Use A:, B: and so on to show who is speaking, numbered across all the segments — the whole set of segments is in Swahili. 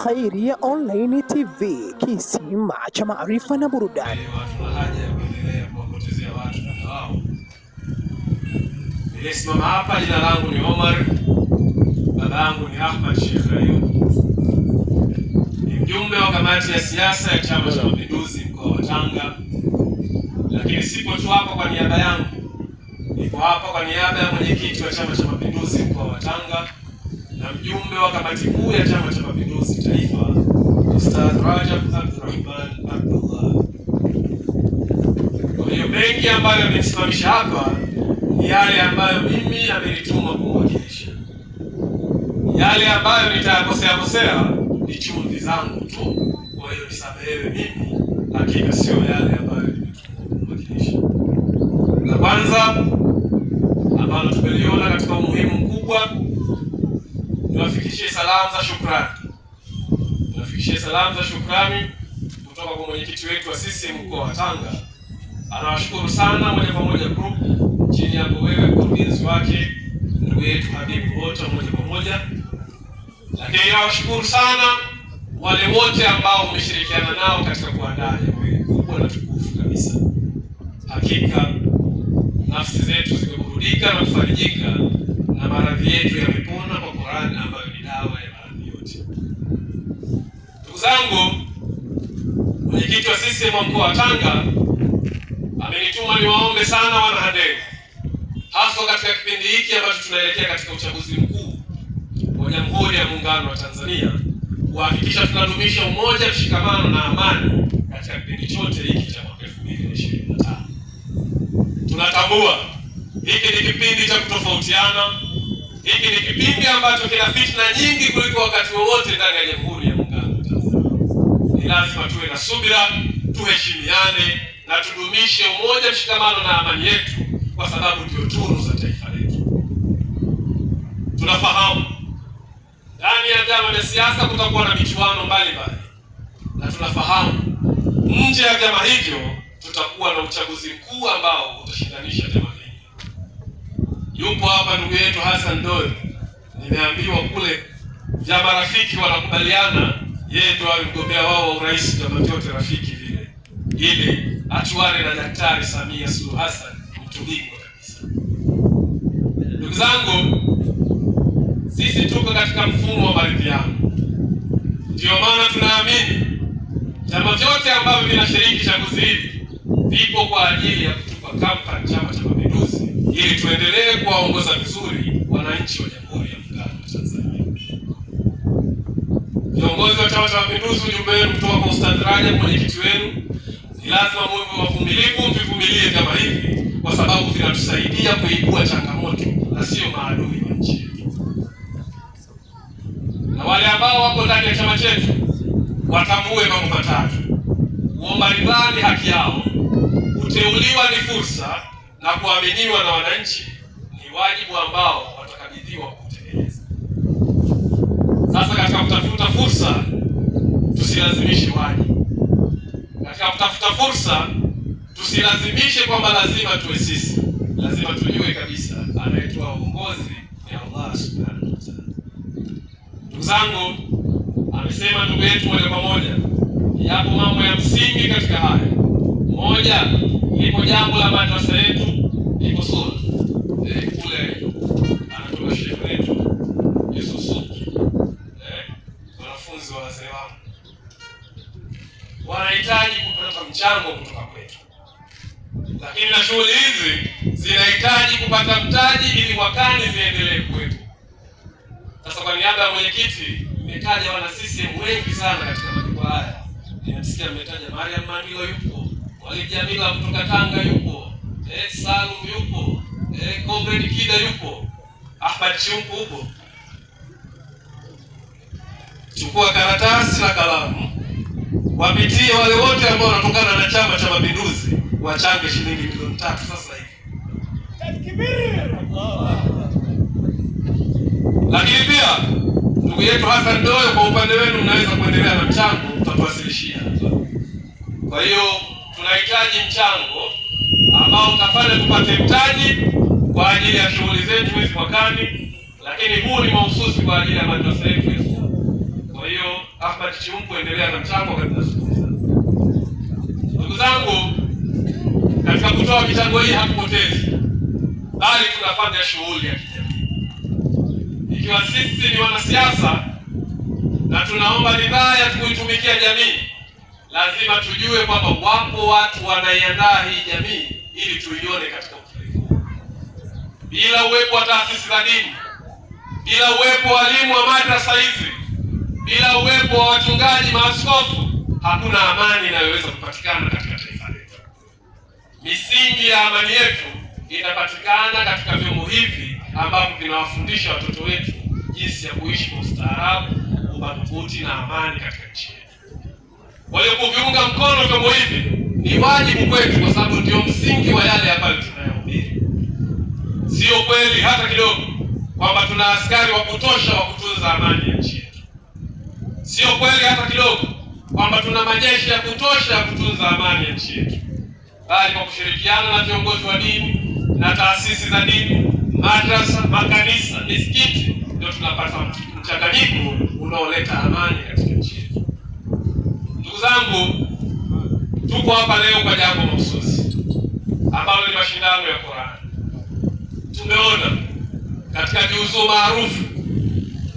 A: Khairia Online TV, kisima cha maarifa na burudani.
B: Nilisimama hapa, jina langu ni Omar, babangu ni Ahmad Sheikh Ayub, ni mjumbe wa kamati ya siasa ya Chama cha Mapinduzi mkoa wa Tanga, lakini sipo tu hapa kwa niaba yangu Niko hapa kwa niaba ya mwenyekiti wa Chama cha Mapinduzi mkoa wa Tanga na mjumbe wa kamati kuu ya Chama cha Mapinduzi Taifa, Ustadh Rajab Abdurahman Abdullah. Kwa hiyo mengi ambayo amenisimamisha hapa ni yale ambayo mimi amenituma kumwakilisha. Yale ambayo nitayakosea kosea ni chumvi zangu tu, kwa hiyo nisamehewe mimi, hakika sio yale ambayo nimetumwa kumwakilisha. La kwanza ambalo tumeliona katika umuhimu mkubwa. Tuwafikishie salamu za shukrani, tuwafikishie salamu za shukrani kutoka kwa mwenyekiti wetu wa CCM mkoa wa Tanga. Anawashukuru sana moja kwa moja group chini ya wewe, mkurugenzi wake ndugu yetu Habibu, wote moja kwa moja. Lakini nawashukuru sana wale wote ambao umeshirikiana nao katika kuandaa jambo hili kubwa na tukufu kabisa. Hakika nafsi zetu ziko na kufanyika na maradhi yetu yamepona kwa Qur'an ambayo ni dawa ya maradhi yote. Ndugu zangu, mwenyekiti wa CCM wa mkoa wa Tanga amenituma niwaombe sana wanahandeni, haswa katika kipindi hiki ambacho tunaelekea katika uchaguzi mkuu wa Jamhuri ya Muungano wa Tanzania, kuhakikisha tunadumisha umoja, mshikamano na amani katika kipindi chote hiki cha mwaka 2025. Tunatambua hiki ni kipindi cha kutofautiana, hiki ni kipindi ambacho kina fitna nyingi kuliko wakati wowote ndani ya Jamhuri ya Muungano wa Tanzania. Ni lazima tuwe na subira, tuheshimiane na tudumishe umoja, mshikamano na amani yetu, kwa sababu ndio tunu za taifa letu. Tunafahamu ndani ya vyama vya siasa kutakuwa na michuano mbalimbali, na tunafahamu nje ya vyama hivyo tutakuwa na uchaguzi mkuu ambao utashindanisha vyama yupo hapa ndugu yetu Hassan Dori, nimeambiwa kule vyama rafiki wanakubaliana yeye ndio awe mgombea wao wa urais vyama vyote rafiki vile, ili atuane na Daktari Samia Suluhu Hassan, mtu bingwa kabisa. Ndugu zangu, sisi tuko katika mfumo wa maridhiano, ndio maana tunaamini vyama vyote ambavyo vinashiriki chaguzi hili vipo kwa ajili ya kutupa kampa chama cha ili tuendelee kuwaongoza vizuri wananchi wa Jamhuri ya Muungano wa Tanzania. Viongozi wa Chama cha Mapinduzi, ujumbe wenu kutoka kwa Ustadh Rajab, mwenyekiti wenu, ni lazima muwe wavumilivu, mvivumilie kama hivi, kwa sababu vinatusaidia kuibua changamoto na sio maadui wa nchi yetu. Na wale ambao wako ndani ya chama chetu watambue mambo matatu: kuomba ridhaa ni haki yao, kuteuliwa ni fursa na kuaminiwa na wananchi ni wajibu ambao watakabidhiwa kutekeleza. Sasa katika kutafuta fursa, tusilazimishe waje. Katika kutafuta fursa, tusilazimishe kwamba lazima tuwe sisi. Lazima tujue kabisa anayetoa uongozi ni Allah subhanahu wa ta'ala. Ndugu zangu, amesema ndugu yetu moja kwa moja, yapo mambo ya msingi katika haya. Moja, lipo jambo la madrasa yetu Ikosoa eh, kule anatoka eh, wanahitaji kupata mchango kutoka kwetu, lakini na shughuli hizi zinahitaji kupata mtaji ili mwakani ziendelee kwetu. Sasa kwa niaba ya mwenyekiti nimetaja wana CCM wengi sana katika majukwaa haya. Nimemsikia mmetaja Mariam Mandilo yupo, Mwalimu Jamila kutoka Tanga yupo eh, Salum yupo eh, Comrade Kida yupo, Ahmad Chiuku hupo. Chukua karatasi na kalamu, wapitie wale wote ambao wanatokana na Chama cha Mapinduzi wachange shilingi milioni tatu sasa hivi. Lakini pia ndugu yetu Hassan Doyo, kwa upande wenu mnaweza kuendelea na mchango, mtatuwasilishia. Kwa hiyo tunahitaji mchango ambao utafanya tupate mtaji kwa ajili ya shughuli zetu hizi mwakani, lakini huu ni mahususi kwa ajili ya madrasa yetu hizi. Kwa hiyo, Ahmad Chiungu, endelea na mchango katika shughuli Ndugu zangu, katika kutoa michango hii hakupotezi, bali tunafanya shughuli ya kijamii. Ikiwa sisi ni wanasiasa na tunaomba ridhaa ya kuitumikia jamii, lazima tujue kwamba wapo watu wanaiandaa hii jamii ili tuione katika utulivu. Bila uwepo wa taasisi za dini, bila uwepo wa walimu wa madrasa hizi, bila uwepo wa wachungaji, maaskofu, hakuna amani inayoweza kupatikana katika taifa letu. Misingi ya amani yetu inapatikana katika vyombo hivi ambavyo vinawafundisha watoto wetu jinsi ya kuishi kwa ustaarabu, umadhubuti na amani katika nchi yetu. Kwa hiyo kuviunga mkono vyombo hivi ni wajibu kwetu, kwa sababu ndio msingi wa yale ambayo tunayohubiri. Sio kweli hata kidogo kwamba tuna askari wa kutosha wa kutunza amani ya nchi yetu. Sio kweli hata kidogo kwamba tuna majeshi ya kutosha ya kutunza amani ya nchi yetu, bali kwa kushirikiana na viongozi wa dini na taasisi za dini, madrasa, makanisa, misikiti, ndio tunapata mchanganyiko unaoleta amani katika nchi yetu. Ndugu zangu, Tuko hapa leo kwa jambo mahususi ambalo ni mashindano ya Qur'an. Tumeona katika juzuu maarufu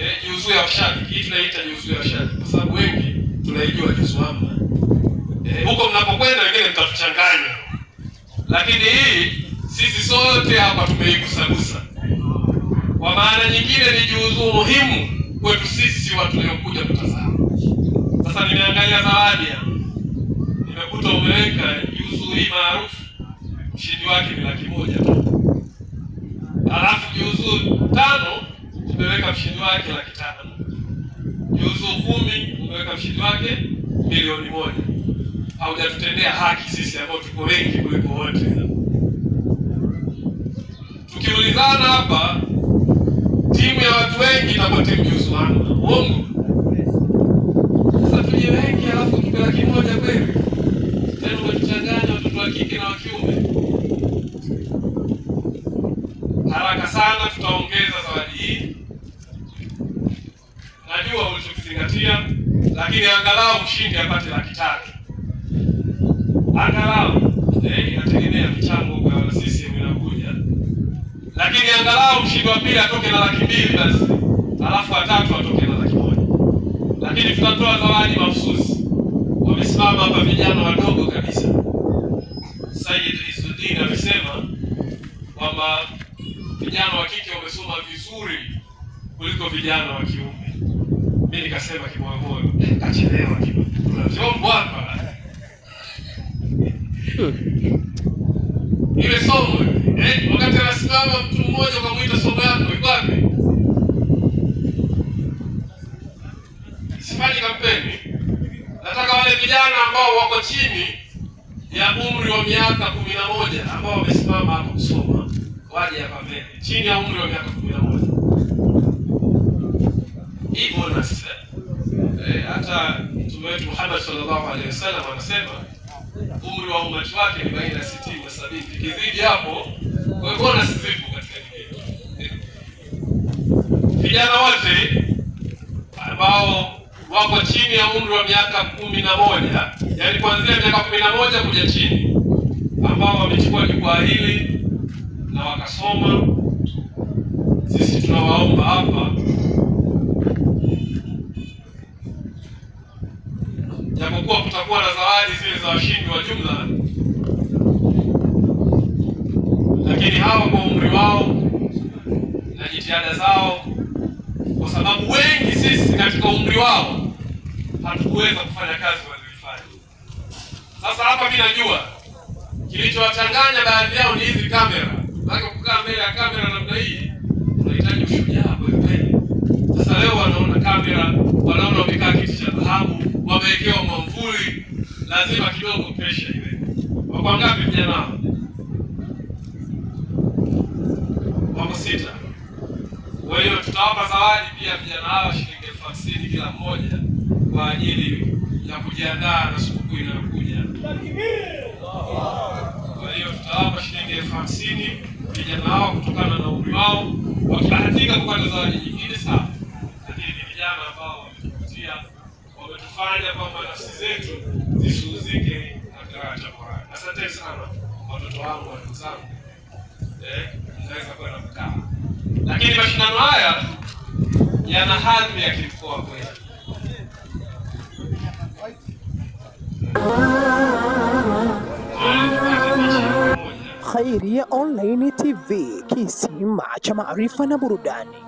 B: eh, juzuu ya Washadiki, hii tunaita juzuu ya Washadiki kwa sababu wengi tunaijua juzuu Eh, huko mnapokwenda wengine mtatuchanganya, lakini hii sisi sote hapa tumeigusagusa. Kwa maana nyingine ni juzuu muhimu kwetu sisi watu tuliokuja kutazama. Sasa nimeangalia zawadi ukuta umeweka juzu hii maarufu ushindi wake ni laki moja alafu juzu tano umeweka mshindi wake laki tano juzu kumi umeweka mshindi wake milioni moja. Haujatutendea haki sisi ambao tuko wengi kuliko wote. Tukiulizana hapa, timu ya watu wengi inakuwa timu juzu wangu uongo lakini angalau mshindi apate laki tatu angalau eh, inategemea mchango kwa sisi inakuja, lakini angalau mshindi wa pili atoke na laki mbili basi, alafu watatu atoke na laki moja. Lakini tutatoa zawadi mahususi. Wamesimama hapa vijana wadogo kabisa. Said Izudin amesema kwamba vijana wa kike wamesoma vizuri kuliko vijana wa kiume. Mimi nikasema kimoyomoyo Kachelewa kuna vyombo hapa. Ile somo eh, wakati anasimama mtu mmoja ukamwita somo yako iko Sifanyi kampeni. Nataka wale vijana ambao wako chini ya umri wa miaka kumi na moja ambao wamesimama hapa kusoma waje hapa mbele, chini ya umri wa miaka kumi na moja hivyo na hata mtume wetu Muhammad sallallahu alaihi wasallam anasema umri wa umati wake ni baina ya sitini na sabini, ikizidi hapo wekona sizifu katika vijana wote ambao wako chini ya umri wa miaka kumi na moja, yaani kuanzia miaka kumi na moja kuja chini, ambao wamechukua jukwaa hili na wakasoma, sisi tunawaomba hapa kuwa kutakuwa na zawadi zile za washindi wa jumla, lakini hawa kwa umri wao na jitihada zao, kwa sababu wengi sisi katika umri wao hatukuweza kufanya kazi walioifanya. Sasa hapa mimi najua kilichowachanganya baadhi yao ni hizi kamera, mpaka kukaa mbele ya kamera namna hii unahitaji ushujaa kweli kweli. Sasa leo wanaona kamera lazima kidogo presha iwe. Wako ngapi vijana? Wako sita. Kwa hiyo tutawapa zawadi pia vijana hawa shilingi elfu hamsini kila mmoja kwa ajili ya kujiandaa na sikukuu inayokuja. Kwa hiyo tutawapa shilingi elfu hamsini vijana hao kutokana na umri wao. Wakibahatika kupata zawadi nyingine sawa, lakini ni vijana ambao wametupatia, wametufanya kwamba nafsi zetu asante sana watoto wangu, ndugu zangu, eh, naweza kwenda mkaa. Lakini mashindano haya yana hadhi ya kimkoa kweli.
A: Khairia Online TV, kisima cha maarifa na burudani.